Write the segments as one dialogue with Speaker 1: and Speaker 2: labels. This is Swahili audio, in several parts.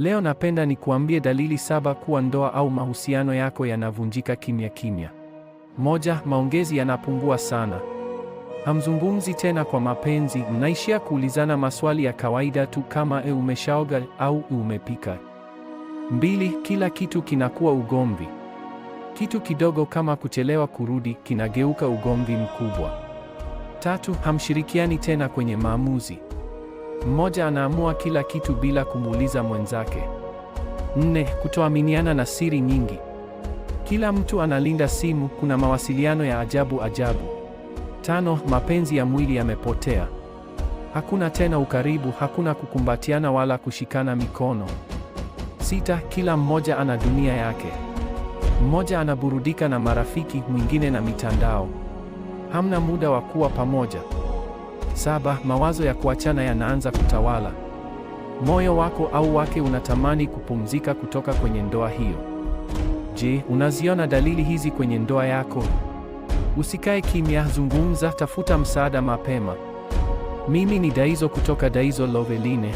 Speaker 1: Leo napenda nikuambie dalili saba kuwa ndoa au mahusiano yako yanavunjika kimya kimya. Moja, maongezi yanapungua sana. Hamzungumzi tena kwa mapenzi, mnaishia kuulizana maswali ya kawaida tu kama e, umeshaoga au umepika. Mbili, kila kitu kinakuwa ugomvi. Kitu kidogo kama kuchelewa kurudi kinageuka ugomvi mkubwa. Tatu, hamshirikiani tena kwenye maamuzi. Mmoja anaamua kila kitu bila kumuuliza mwenzake. Nne, kutoaminiana na siri nyingi. Kila mtu analinda simu, kuna mawasiliano ya ajabu ajabu. Tano, mapenzi ya mwili yamepotea. Hakuna tena ukaribu, hakuna kukumbatiana wala kushikana mikono. Sita, kila mmoja ana dunia yake. Mmoja anaburudika na marafiki, mwingine na mitandao. Hamna muda wa kuwa pamoja. Saba, mawazo ya kuachana yanaanza kutawala moyo wako au wake. Unatamani kupumzika kutoka kwenye ndoa hiyo. Je, unaziona dalili hizi kwenye ndoa yako? Usikae kimya, zungumza, tafuta msaada mapema. Mimi ni Daizo kutoka Daizo Loveline.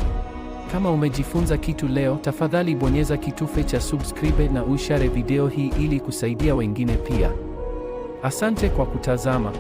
Speaker 1: Kama umejifunza kitu leo, tafadhali bonyeza kitufe cha subscribe na ushare video hii ili kusaidia wengine pia. Asante kwa kutazama.